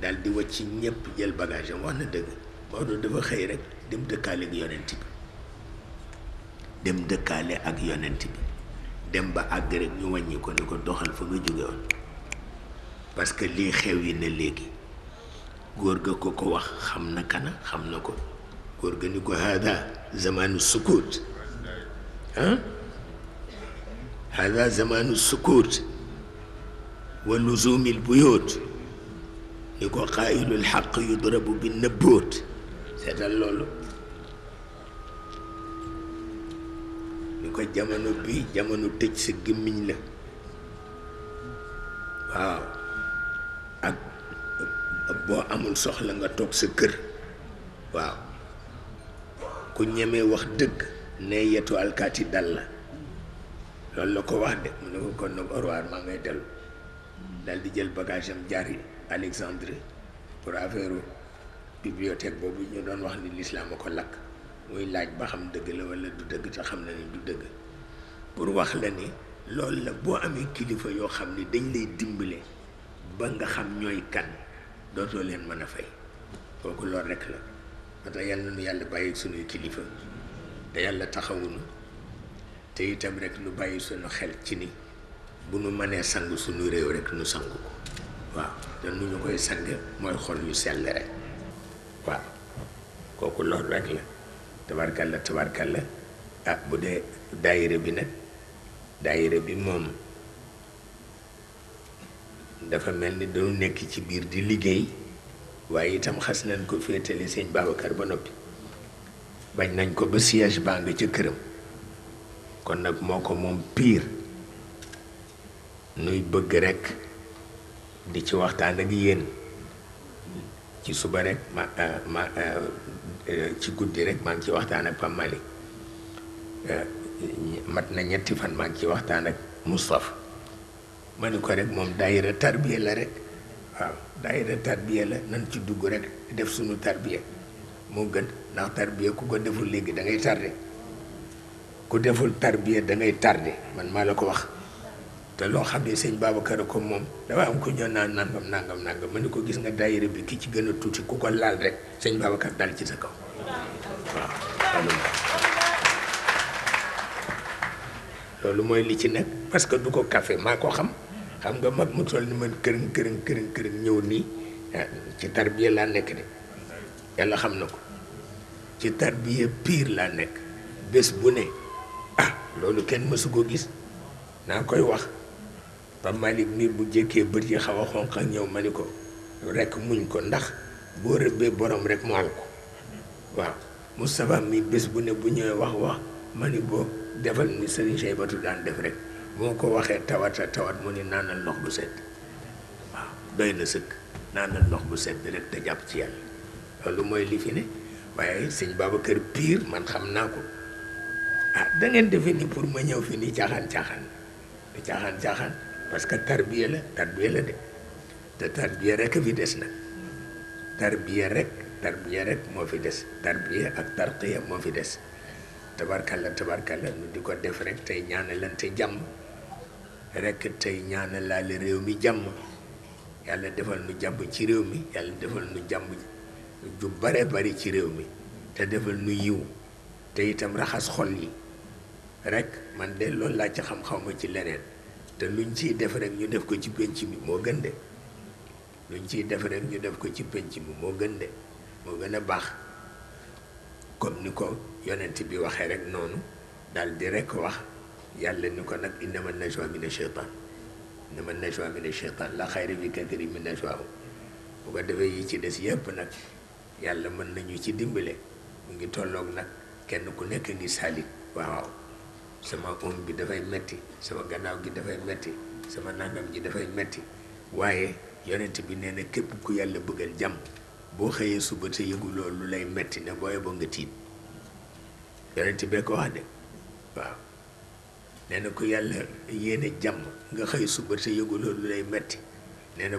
daal di ci ñëpp jël bagage wax na dëgg Maodo dafa xëy rek. dem dëkkaale ak yonent bi dem dëkkaale ak yonent bi dem ba àgg rek ñu wañi ko ni ko doxal fa nga jóge won parce que li xew yi na léegi gor ga ko ko wax xamna kana xamna ko gor ga ni ko hada zamanu sukut hein hada zamanu sukut wa luzumil buyut ni ko qaayilul haqq yudrabu bi nëbboot seetal loolu ni ko jamono bii jamono tëj sa gémmiñ la waaw ak boo amul soxla nga toog sa kër waaw ku ñemee wax dëgg ne yetu alkaati dal la loolu la ko wax de mu ne ko kon nag maa ngay dellu dal di jël bagage jaar yi alexandre pour affaire bibliothèque boobu ñu doon wax ni lislaam a ko lakk muy laaj ba xam dëgg la wala du dëgg te xam na ni du dëgg pour wax la ni loolu la boo amee kilifa yoo xam ni dañ lay dimbale ba nga xam ñooy kan dootoo leen mën a fay kooku lool rek la ba tax yàlla nu yàlla kilifa te yàlla taxawunu te itam rek nu bàyyi suñu xel ci ni bu nu mënee sang suñu réew rek nu sang ko waaw te nu ñu sell rek waaw rek la tabarkalla tabarkalla ah bu dee daayira bi nag daayira bi moom dafa mel ni dañu nekk ci biir di liggéey waaye itam xas nañ ko féetale seen Babacar ba noppi bañ nañ ko ba siège baa nga ca këram kon nag moo ko moom piir nuy bëgg rekk di ci waxtaan ak yéen ci suba rekk ma ah, ma ah, Euh, ci guddi rek maa ngi ci waxtaan ak Pape Malick euh, mat na ñetti fan maa ngi ci waxtaan ak Moustapha ma ni ko rek moom daayira tarbiya la rek waaw daayira tarbiya la nan ci dugg rek def suñu tarbiya moo gën ndax tarbiya ku ko deful léegi da ngay tardé ku deful tarbiya da ngay tardé man maa la ko wax te loo xam ne sëñ Babacar ko moom dafa am ko ñoo naan nangam nangam nangam ma ni ko gis nga daayira bi ki ci gën a tuuti ku ko laal rek sëñ Babacar dal ci sa kaw waaw loolu mooy li ci nekk parce que du ko café maa ko xam xam nga mag mu toll ni man këriñ këriñ këriñ këriñ ñëw nii ah, ci tarbiya laa nekk de yàlla xam na ko ci tarbiya piir laa nekk bés bu ne ah loolu kenn mësu ko gis naa koy wax ba Malick miir bu jékkee bët yi xaw a xonq ak ñëw ma ni ko rekk muñ ko ndax boo rëbbee borom rek mu am ko waaw Moustapha mi bés bu ne bu ñëwee wax wax ma ni ko defal ni Serigne Cheybatu daan def rek moo ko waxee tawata tawat mu ni naanal ndox bu sedd waaw doy na sëkk naanal ndox bu sedd te jàpp ci yàlla loolu mooy li fi ne waaye sëñ kër Pire man xam naa ko ah dangeen defe ni pour ma ñëw fi ni caaxaan caaxaan di caaxaan caaxaan parce que tarbiya la tarbiya la de te tarbiya rek a fi des nag tarbiya rek tarbiya rek moo fi des tarbiya ak tarqiya moo fi des tabarkalla tabarkalla nu di ko def rek tey ñaanalante jàmm rek tey ñaanalaale réew mi jàmm yàlla defal nu jàmm ci réew mi yàlla defal nu jàmm ju bare bari ci réew mi te defal nu yiw te itam raxas xol yi rek man de loolu laa ci xam-xaw ma ci leneen te luñ ciy def rek ñu def ko ci penc bi moo gën de luñ ciy def rek ñu def ko ci penc bi moo gën de moo gën a baax comme ni ko yonent bi waxee rek noonu daal di rek wax yàlla ni ko nag innama najwa mina cheytan innama najwa mina cheytan la xayri bi kakari min najwaahu bu ko defee yi ci des yépp nag yàlla mën nañu ci dimbale mu ngi tolloog nag kenn ku nekk ngi salit waaw sama om bi dafay metti sama gannaaw gi dafay metti sama nandam ji dafay metti waaye yonent bi nee na képp ku yàlla bëggal jàmm boo xëyee suba te yëguloo lu lay metti ne booye boo nga tiit yonent wax de waaw nee ku yàlla yéene jàmm nga xëy suba te yëguloo lu metti nee na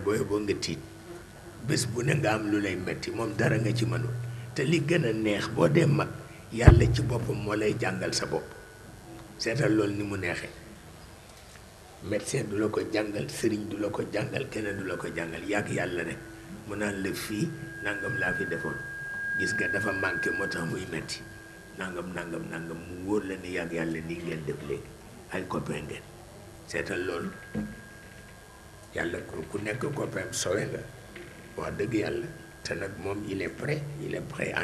bés bu ne nga am lu lay metti moom dara nga ci mënul te li gën a neex boo dee mag yàlla ci boppam moo lay jàngal sa bopp seetal lool ni mu neexee médecin du la ko jàngal sëriñ du la ko jàngal keneen du la ko jàngal yàgg yàlla rek mu naa la fii nangam laa fi defoon gis nga dafa manqué moo tax muy metti nangam nangam nangam mu wóor la ni yàgg yàlla nii ngeen def léegi ay copain ngeen seetal lool yàlla ku ku nekk copain sowe nga wax dëgg yàlla te nag moom il est prêt il est prêt à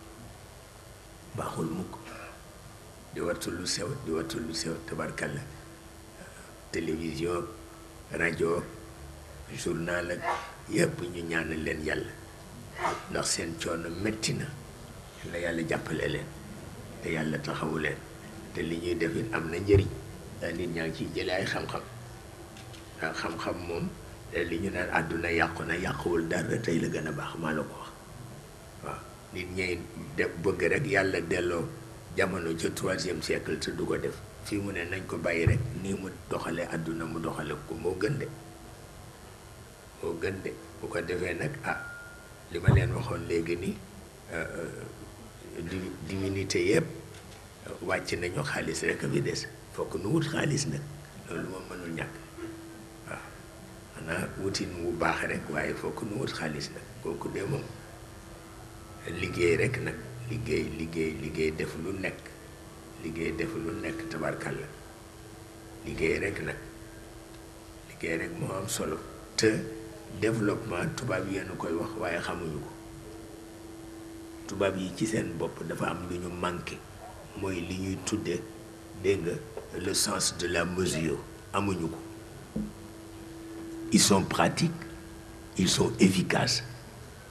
baaxul mukk di wattu lu sew di wattu lu sew tabarkalla télévision rajo journal ak yëpp ñu ñànn leen yàlla ndax seen coono metti na la yàlla jàppale leen te yàlla taxawu leen te li ñuy def it am na njëriñ ndax nit ñaa ngi ciy jëlee ay xam-xam xam-xam moom li ñu naan àdduna yàqu na yàquwul dara tey la gën a baax maa la ko nit ñay def bëgg rek yàlla delloo jamono ca troisième siècle te du ko def fii mu ne nañ ko bàyyi rek nii mu doxale àdduna mu doxale ko moo gën de moo gën de bu ko defee nag ah li ma leen waxoon léegi nii euh, euh, divinité yëpp wàcc nañu xaalis rek a des fokk nu wut xaalis nag loolu moom mënul ñàkk waaw xanaa wutin wu baax rek waaye fokk nu wut xaalis nag kooku de moom liggéey rek nak liggéey liggéey liggéey def lu nek liggéey def lu nekk tabarkalla liggéey rek nak liggéey rek mo am solo te développement tubab yéen koy wax waye xamuñu ko tubaab yi ci seen bop dafa am lu ñu moy liñuy tuddé ñuy dégg le sens de la mesure amuñu ko ils sont pratiques ils sont efficaces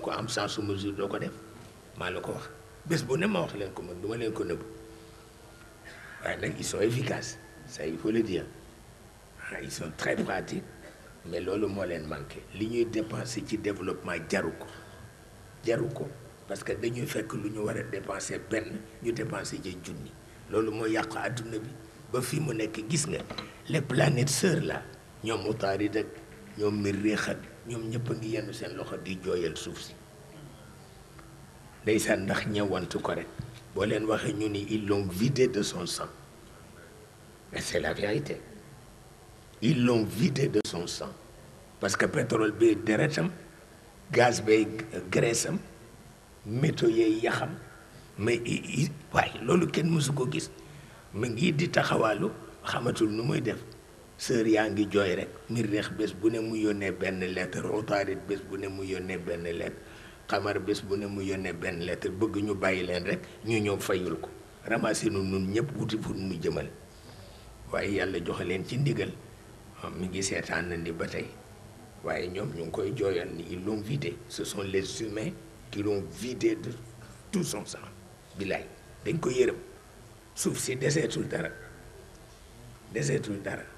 ko am sans mesure doo ko def maa la ko wax bes bu ne ma wax len ko man duma len ko neub waaye nag ils sont efficaces ça il faut le dire ah, ils sont très pratiques mais loolu mo len manquer li ñuy dépenser ci développement jaruko jaruko parce que dañuy fekk lu ñu war dépenser ben ñu dépenser ci jouni loolu mo yaq aduna bi ba fi mu nek gis nga les planètes sœurs là ñom Otaari ak ñom Miriix nous sommes ngi yenn loxo di ndax ils l'ont vidé de son sang mais c'est la vérité ils l'ont vidé de son sang parce que pétrole bi deretam gaz bay les métaux mais waaye loolu kenn mësu ko gis mu ngi di taxawaalu sœur yaa joy rek rek Mirreex bes bu ne mu yone ben lettre Utaarit bes bu ne mu yone ben lettre Xamar bes bu ne mu yone ben lettre bëgg ñu bàyyi leen rek ñu ñëw fayul ko ramassé nu nun ñëpp wuti fu mu jëmal waaye yàlla joxe leen ci ndigal mi ngi seetaan na ni ba tey waaye ñoom ñu ngi koy jooyal ni ils l'ont vidé ce sont les humains qui l'ont vidé de tout son sang bilaay dañ ko yërëm suuf si deseetul dara deseetul dara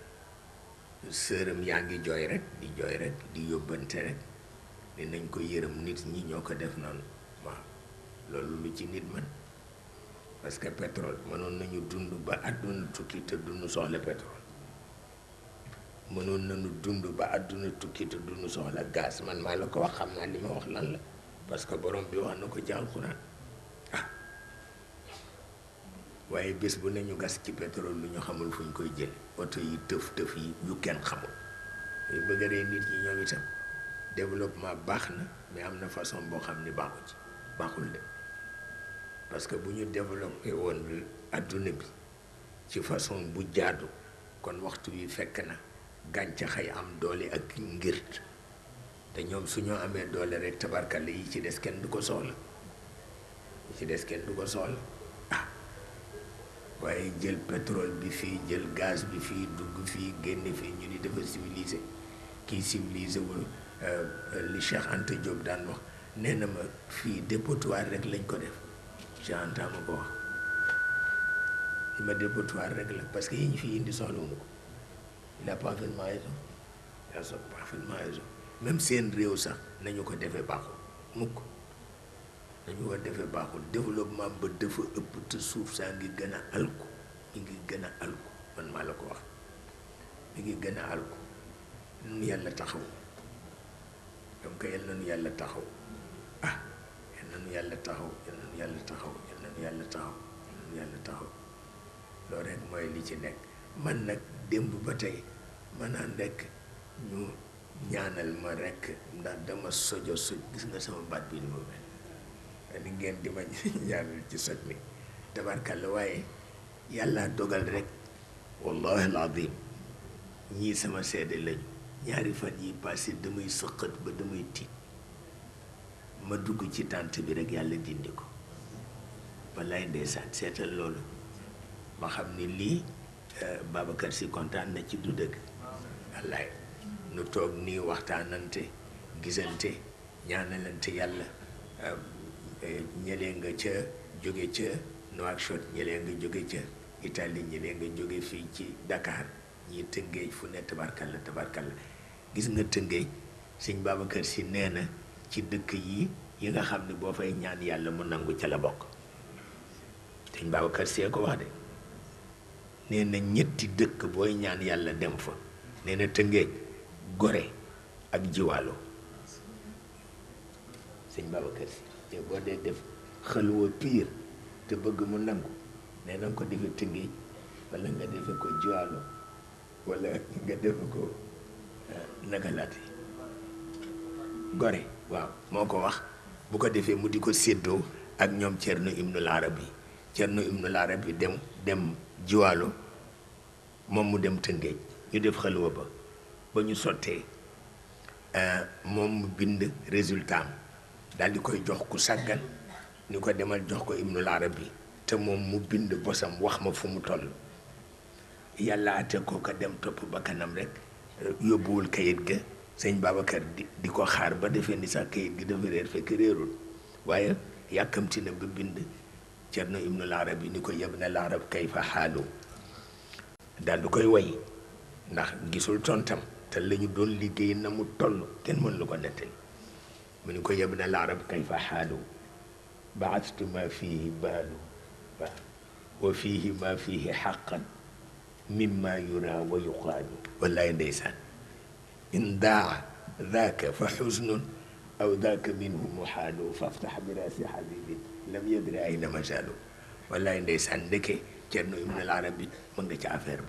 sëram yaa ngi jooy rek di jooy rek di yóbbante rek ne nañ ko yërëm nit ñi ñoo ko def noonu waaw loolu lu ci nit man parce que pétrole mënoon nañu dund ba àdduna tukki te dunu soxla pétrole mënoon nañu dund ba àdduna tukki te duñu soxla gaz man maa la ko wax xam naa li ma wax lan la parce que borom bi wax na ko ci alxuraan waaye bis bu ne ñu gas ci pétrole bu ñu xamul fu ñu koy jël oto yi tëf tëf yi yu kenn xamul yu bëgg rey nit ñi ñoom itam développement baax na mais am na façon boo xam ni baaxu ci baaxul de parce que bu ñu développé woon adduna bi ci façon bu jaadu kon waxtu wi fekk na gàncax yi am doole ak ngir te ñoom su ñu amee doole rek tabarkale yi ci des kenn du ko soxla yi ci des kenn du ko soxla. waaye jël pétrole bi fii jël gaz bi fii dugg fii génn fii ñu ni dafa civilisé kii civilisé wul euh, li Cheikh Anta Diop daan wax nee na ma fii dépotoir rek lañ ko def Cheikh Anta ko wax li ma dépotoir rek la parce que yi ñu fi indi soxlawuma ko il a parfaitement raison il a parfaitement raison même seen réew sax nañu ko defee baaxul mukk dañu war defee baaxul développement ba dafa ëpp te suuf saa ngi gën a alku mi ngi gën a alku man maa la ko wax mi ngi gën a alku nun taxaw donc yal na nu yàlla taxaw ah yal nu yàlla taxaw yal na nu yàlla taxaw yal na nu taxaw loolu rek mooy li ci nekk man nag démb ba tey maanaam rek ñu ñaanal ma rekk ndax dama sojo soj gis nga sama baat bi ni mu mel ni ngeen di ma ñaanal ci soj mi tabarkalla waaye yàlla dogal rek wallahi alazim ñii sama seede lañu ñaari fan yi passé damay sëqat ba damay tiit ma dugg ci tànt bi rek yàlla dindi ko wallaay ndeysaan seetal loolu ma xam ni lii eh, Babacar si kontaan na ci du dëgg nu toog nii waxtaanante gisante ñaanalante yàlla eh, Eh, ñëlee nga ca jóge ca Nouakchott ñëlee nga jóge ca Italie ñëlee nga jóge fii ci Dakar ñii Tëngéej fu ne tabarkalla tabarkalla gis nga Tëngéej sëñ Babacar si nee na ci dëkk yi yi nga xam ne boo fay ñaan yàlla mu nangu ca la bokk sëñ Babacar see ko wax de nee na ñetti dëkk booy ñaan yàlla dem fa nee na Tëngéej Gorée ak Jiwaalo sëñ Babacar si te boo dee def xalwa piir te bëgg mu nangu nee na nga ko defee tëngeej wala nga defee ko juwaalo walla nga defee ko eh, nagalaat gore waaw moo ko wax bu ko defee mu di ko séddoo ak ñoom Cerno Ibnul Arabi Cerno Ibnul Arabi dem dem juwaalo moom mu dem tëngeej ñu def xalwa ba ba ñu sottee eh, moom mu bind résultat daal di koy jox ku sàggan ni ko demal jox ko ibnul bi te moom mu bind bosam wax ma fu mu toll yàlla ate ko ko dem topp ba kanam rek yóbbuwul kayit ga sëñ Babacar di di ko xaar ba defe ni sax kayit gi dafa réer fekk réerul waaye yàkkamti na ba bind Cerno ibnul arabi ni ko yab na larab kay fa xaalu daal di koy woy ndax gisul tontam te lañu doon liggéey na mu toll kenn mën lu ko nettali من كو يا العرب كيف حاله بعثت ما فيه باله وفيه ما فيه حقا مما يرى ويقال والله نيسان إن داع ذاك فحزن أو ذاك منه محال فافتح براس حبيب لم يدري أين مجاله والله نيسان لك جنو ابن العرب من كتعفر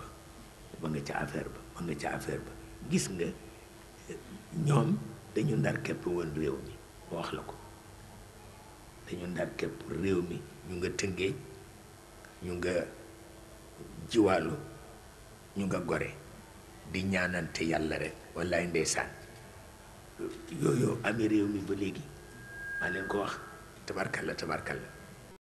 ba ma من ca affaire ba dañu ndar képp woon réew mi wax la ko dañu ndar képp réew mi ñu nga tëngee ñu nga jiwaalo ñu nga gore di ñaanante yàlla rek wallaay ndeysaan yooyu amee réew mi ba léegi maa leen ko wax la tabarkalla tabarkalla